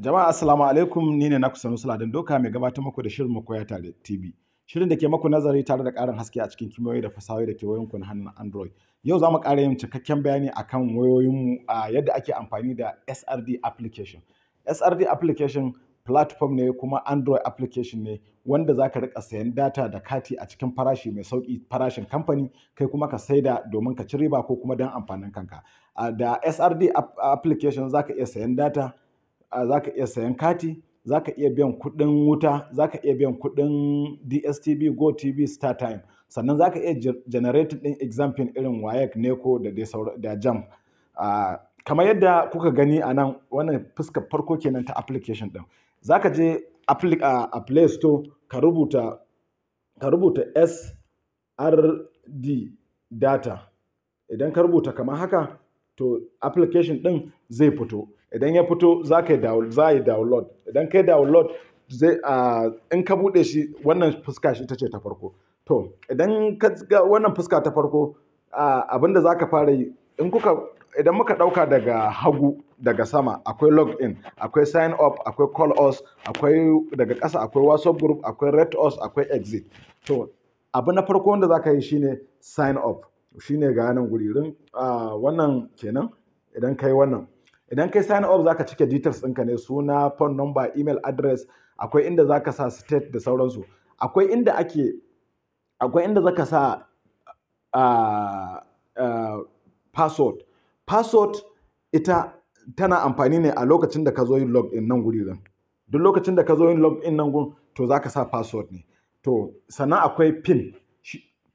Jama'a assalamu alaikum ni ne na kusa Nusula don doka mai gabatar muku da shirin makoya tare TV. Shirin da ke maku nazari tare da ƙarin haske a cikin kimiyoyi da fasahohi da ke wayoyinku na hannun Android. Yau za mu ƙara yin cikakken bayani akan wayoyinmu a yadda ake amfani da SRD application. SRD application platform ne kuma Android application ne wanda za ka rika sayan data da kati a cikin farashi mai sauki farashin kamfani kai kuma ka saida domin ka ci riba ko kuma don amfanin kanka. Da SRD application za ka iya sayan data za ka iya sayan kati za ka iya biyan kuɗin wuta za ka iya biyan kuɗin dstv go tv star time sannan za ka iya generating ɗin example irin wayek neko da dai da jam kamar yadda kuka gani a nan wannan fuskar farko kenan ta application ɗin za ka je a play store ka rubuta ka srd data idan ka rubuta kamar haka to application ɗin zai fito idan ya fito za ka yi download idan ka yi download zai in ka bude shi wannan fuska shi ita ce ta farko to idan ka ga wannan fuska ta farko abinda za ka fara yi in idan muka dauka daga hagu daga sama akwai log in akwai sign up akwai call us akwai daga ƙasa akwai whatsapp group akwai rate us akwai exit to abu na farko wanda za ka yi shine sign up shine ga nan guri wannan kenan idan ka yi wannan idan kai sign up zaka cike details ɗinka ne suna phone number email address akwai inda zaka sa state da sauransu akwai inda ake akwai inda zaka sa uh, uh, password password ita tana amfani ne a lokacin da ka zo yin login nan guri din duk lokacin da ka zo yin login nan gun to zaka sa password ne to sannan akwai pin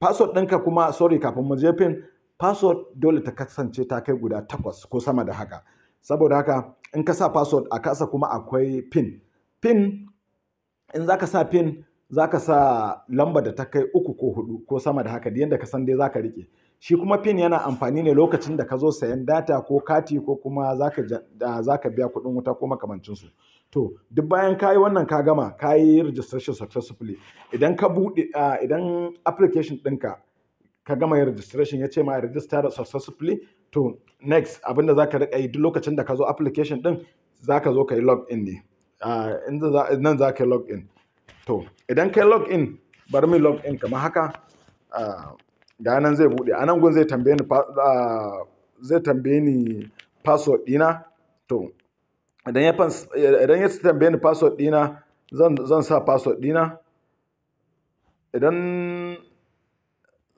password ɗinka kuma sorry kafin mu je pin password dole ta kasance ta kai guda takwas ko sama da haka saboda haka in ka sa password a kasa kuma akwai pin pin in zaka sa pin za ka sa lamba da ta kai uku ko hudu ko sama da haka yadda ka san dai ka rike shi kuma pin yana amfani ne lokacin da ka zo sayan data ko kati ko kuma za ka biya kudin wuta ko makamancin su to duk bayan kayi wannan ka gama kayi registration successfully idan ka buɗe idan application ɗinka ka gama yin registration ya ce ma register successfully to next abinda za ka riƙa yi duk lokacin da ka zo application ɗin za ka zo ka yi log in ne nan za ka yi log in to idan ka yi log in bari mai log in kamar haka ga nan zai buɗe a nan gun zai tambaye ni zai tambaye ni password dina to idan ya tambaye ni password dina zan sa password dina. idan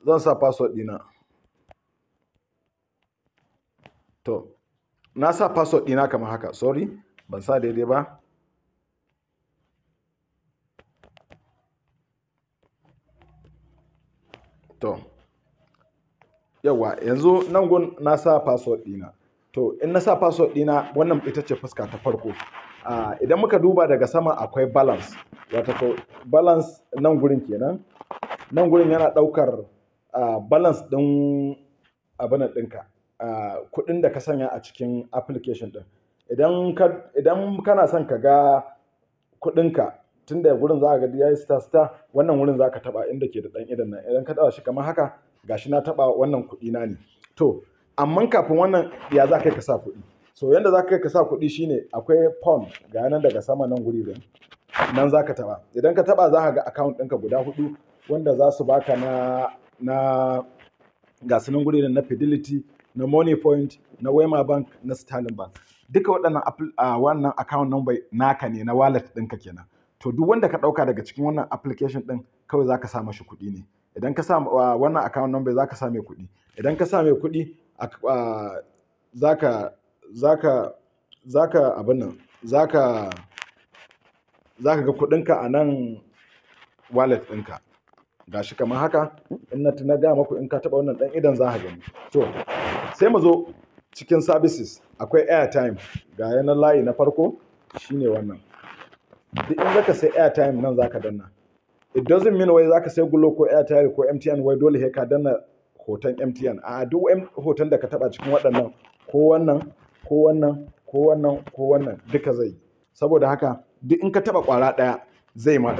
zan sa password dina to na sa password dina kamar haka sorry ban sa daidai ba to yawa yanzu nan gun na sa password dina to in na sa password dina wannan ita ce fuska ta farko idan muka duba daga sama akwai balance wato balance nan gurin kenan nan gurin yana daukar balance ɗin abin ɗinka uh, kuɗin da ka sanya a cikin application ɗin idan ka idan kana son ka ga kuɗinka tun da wurin za ka ga ya yi star star wannan wurin za ka taɓa inda ke da ɗan idan nan idan ka taɓa shi kamar haka gashi na taɓa wannan kuɗi na ne to amma kafin wannan ya za ka yi ka sa kuɗi so yanda za ka yi ka sa kuɗi shine akwai pound ga nan daga sama nan guri din nan za ka taɓa idan ka taɓa za ka ga account ɗinka guda hudu wanda za su baka na na ga guri na fidelity na money point na wema bank na sterling bank duka waɗannan wannan account number naka ne na wallet ɗinka kenan to duk wanda ka ɗauka daga cikin wannan application ɗin kawai za ka sa mashi kuɗi ne idan ka sa wannan account number za ka sa mai kuɗi idan ka sa mai kuɗi za ka za ka za ka abin nan za ka za ka ga kuɗinka a nan wallet ɗinka Ga shi kamar haka in na tuna ga maku in ka taba wannan dan idan za ka gani to sai mu zo cikin services akwai airtime ga yanar layi na farko shine wannan duk in zaka sai airtime nan zaka danna it doesn't mean wai zaka sai gullo ko airtime ko MTN wai dole sai ka danna hoton MTN a duk hoton da ka taba cikin waɗannan ko wannan ko wannan ko wannan ko wannan duka zai yi saboda haka duk in ka taba kwara ɗaya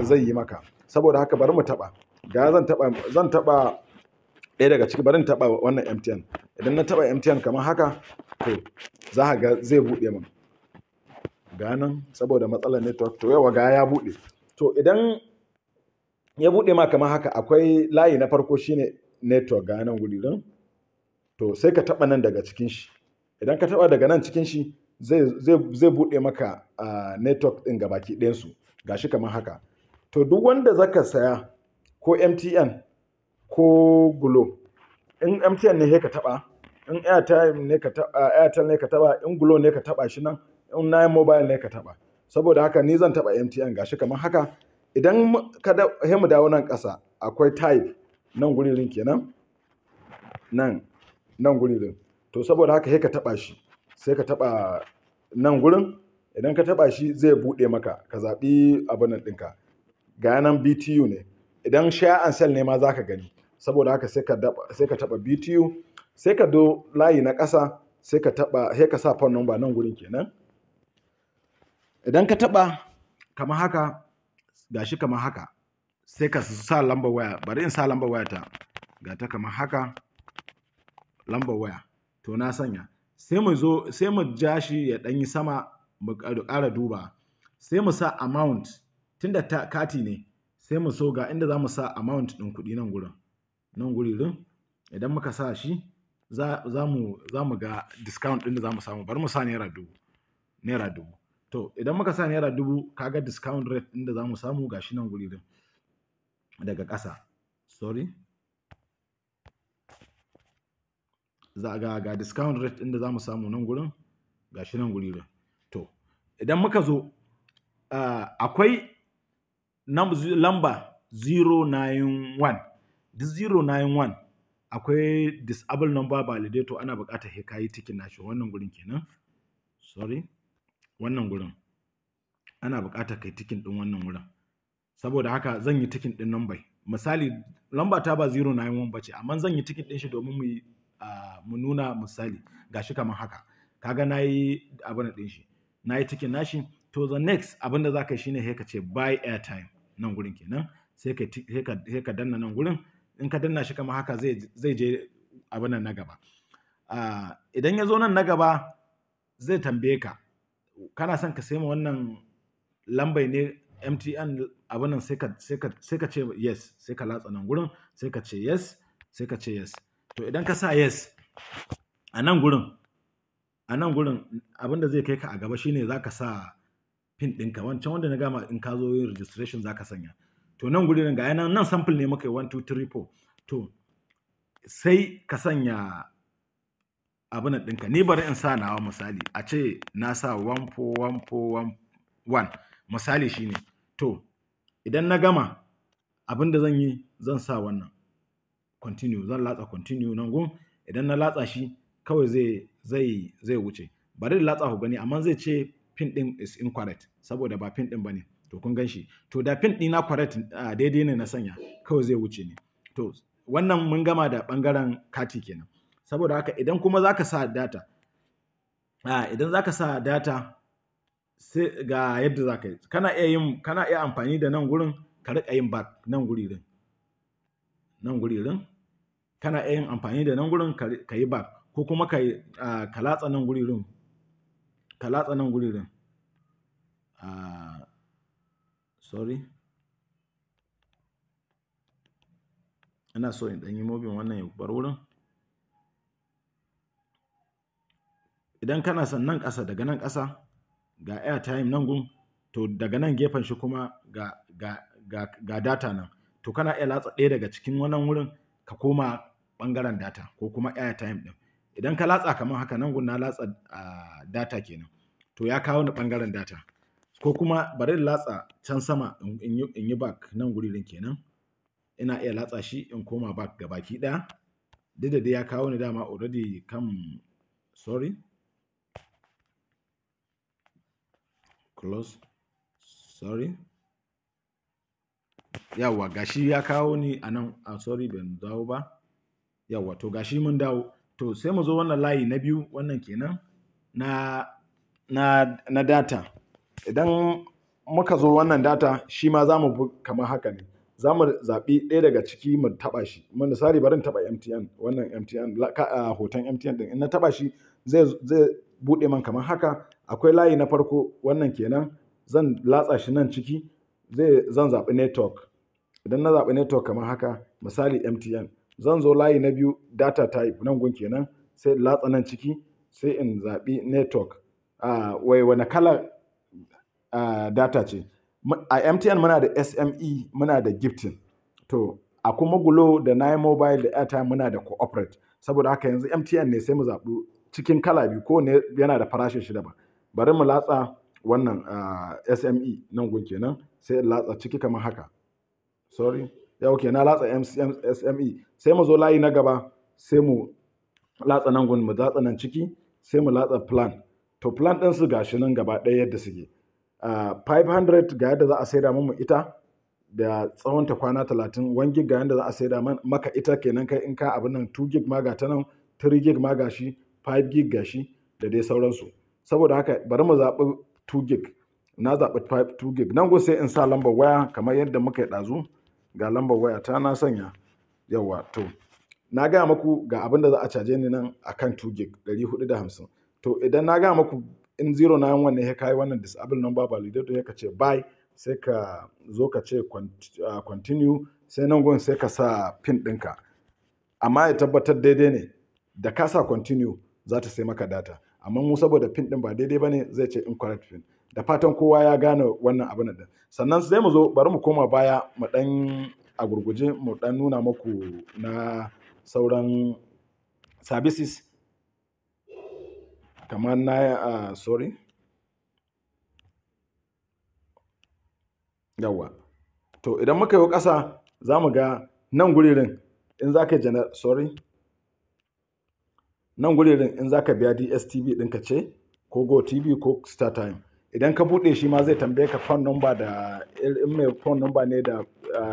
zai yi maka saboda haka bari mu taba ga zan taba zan taba ɗaya daga ciki barin taba wannan MTN idan na taba MTN kamar haka to za ka ga zai buɗe min ga nan saboda matsalar network to yawa ga ya buɗe to idan ya buɗe ma kamar haka akwai layi na farko shine network ga nan guri din to sai ka taba nan daga cikin shi idan ka taba daga nan cikin shi zai buɗe maka uh, network ɗin gabaki su gashi kamar haka to duk wanda zaka saya ko MTN ko Glo. In MTN ne sai ka taɓa, in airtime ne ka taba, Airtel ne ka taɓa, in Glo ne ka taɓa shi nan, in Nine Mobile ne ka taɓa. Saboda haka ni zan taɓa MTN gashi kamar haka. Idan ka da mu dawo nan ƙasa akwai type nan gurin kenan. Nan nan gurin To saboda haka sai ka taɓa shi. Sai ka taɓa nan gurin idan ka taɓa shi zai buɗe maka ka zaɓi abunan ɗinka. Ga nan BTU ne. idan share and sell ne ma za ka gani saboda haka sai ka taba BTU sai ka do layi na ƙasa sai ka taba sai ka sa phone number nan gurin kenan idan ka taba kamar haka gashi kamar haka sai ka sa lambar waya bari in sa lambar waya ta ga ta kamar haka lambar waya to na sanya sai mu zo sai mu ja shi ya yi sama mu ƙara duba sai mu sa amount tunda ta kati ne sai mu so ga inda za mu sa amount ɗin kuɗi nan gurin nan guri din idan muka sa shi za mu ga discount ɗin da za mu samu bari mu sa naira dubu naira dubu to idan muka sa naira dubu kaga discount rate ɗin da za mu samu ga shi nan guri din daga ƙasa sorry za ga ga discount rate ɗin da za mu samu nan gurin ga shi nan guri din to idan muka zo uh, akwai lamba 091 duk 091 akwai disable number validator ana buƙatar he kai tikin nashi wannan gurin kenan sorry wannan gurin ana buƙatar kai tikin din wannan gurin saboda haka zan yi tikin din number misali lamba ta ba 091 bace amma zan yi tikin din shi domin mu mu nuna misali gashi kamar haka kaga nayi abin din shi nayi tikin nashi to the next abin da zaka yi shine he ka ce buy airtime nan gurin kenan sai ka sai ka danna nan gurin in ka danna shi kama haka zai zai je abin nan na gaba ah, idan ya zo nan na gaba zai tambaye ka kana son ka sai ma wannan lambai ne MTN abin nan sai ka ce yes sai ka latsa nan gurin sai ka ce yes sai ka ce yes to idan ka sa yes a nan gurin a nan gurin abin da zai kai ka a gaba shine za ka sa pin ɗinka wancan wanda na gama in ka zo yin registration za ka sanya to nan gudunan ga yana nan sample ne maka yi 1 2 3 4 to sai ka sanya abin ɗinka ni bari in sa nawa misali a ce na sa 1 4 1 4 misali shine to idan na gama abin da zan yi zan sa wannan continue zan latsa continue nan gun idan na latsa shi kawai zai zai zai wuce bari da latsa ku gani amma zai ce pin din is incorrect saboda ba pin din bane to kun gan shi to da pin na correct daidai ne na sanya kawai zai wuce ne to wannan mun gama da ɓangaren kati kenan saboda haka idan kuma zaka sa data idan zaka sa data sai ga yadda zaka yi kana iya yin kana iya amfani da nan gurin ka riƙa yin back nan guri din nan guri din kana iya yin amfani da nan gurin ka yi back ko kuma ka latsa nan guri din ka latsa nan guririn din, ah, sorry ina so in yi mobin wannan ya bar wurin idan kana son nan ƙasa daga nan ƙasa ga airtime nan gun to daga nan gefen shi kuma ga, ga, ga, ga data nan to kana iya latsa ɗaya daga cikin wannan wurin ka koma ɓangaren data ko kuma airtime ɗin idan ka latsa kamar haka nan na latsa data kenan to ya kawo ni bangaren data ko kuma bari in latsa can sama in yi back nan guririn kenan ina iya latsa shi in koma back ga baki daya duk da dai ya kawo ni dama already kan sorry close sorry yawa gashi ya kawo ni a nan sorry ban dawo ba yawa to gashi mun dawo to sai mu zo wannan layi na biyu wannan kenan na na na data idan muka zo wannan data shi ma za mu bi kamar haka ne za mu zaɓi ɗaya daga ciki mu taɓa shi mun misali barin taɓa mtn wannan mtn hoton mtn din, in na taɓa shi zai zai buɗe man kamar haka akwai layi na farko wannan kenan zan latsa shi nan ciki zai zan zaɓi network idan na zaɓi network kamar haka misali mtn zan zo layi na biyu data type nan gun kenan sai in latsa nan ciki sai in zaɓi network wai wani kala data ce a mtn muna da sme muna da gifting to a kuma gulo da nine mobile da airtime muna da cooperate saboda haka yanzu mtn ne sai mu zaɓi cikin kala biyu ko ne yana da farashin shi daban bari mu latsa wannan sme nan gun kenan sai in latsa ciki kamar haka sorry ya ok na latsa sme sai mu zo layi na gaba sai mu latsa nan gun mu latsa nan ciki sai mu latsa plan to plan ɗin su gashi nan gaba ɗaya yadda suke 500 ga yadda za a saida mu ita da tsawonta kwana 30 1 gig ga yadda za a saida maka ita kenan kai in ka abin nan 2 gig ma ga ta nan 3 gig ma gashi 5 gig gashi da dai sauransu saboda haka bari mu zaɓi 2 gig na zaɓi 2 gig nan go sai in sa lambar waya kamar yadda muka yi ɗazu ga lambar waya ta na sanya yawa to na gaya maku ga abin da za a caje ni nan akan 2 gig 450 to idan na gaya maku in zero na yin wannan ya kai wannan disable number validator ya ce buy sai ka zo ka ce continue sai nan gun sai ka sa pin ɗinka amma ya tabbatar daidai ne da ka sa continue za ta sai maka data amma mu saboda pin ɗin ba daidai ba ne zai ce incorrect pin da fatan kowa ya gane wannan abin da sannan sai mu zo bari mu koma baya mu dan a gurguje mu dan nuna muku na sauran services kamar na uh, sorry yawa to idan muka yi kasa za mu ga nan guririn in za ka jana sorry nan guririn in za ka biya dstv ɗinka ce ko go tv ko star time idan ka buɗe shi ma zai tambaye ka phone number da in mai phone number ne da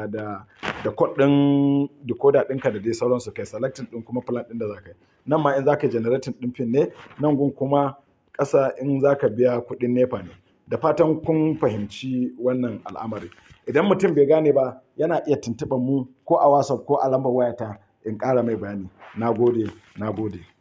da da code din decoder ɗinka da dai sauransu kai selecting din kuma plan din da zaka yi nan ma in zaka generating din pin ne nan gun kuma ƙasa in zaka biya kuɗin nepa ne da fatan kun fahimci wannan al'amari idan mutum bai gane ba yana iya tuntuɓar mu ko a whatsapp ko a lambar wayata in ƙara mai bayani na gode na gode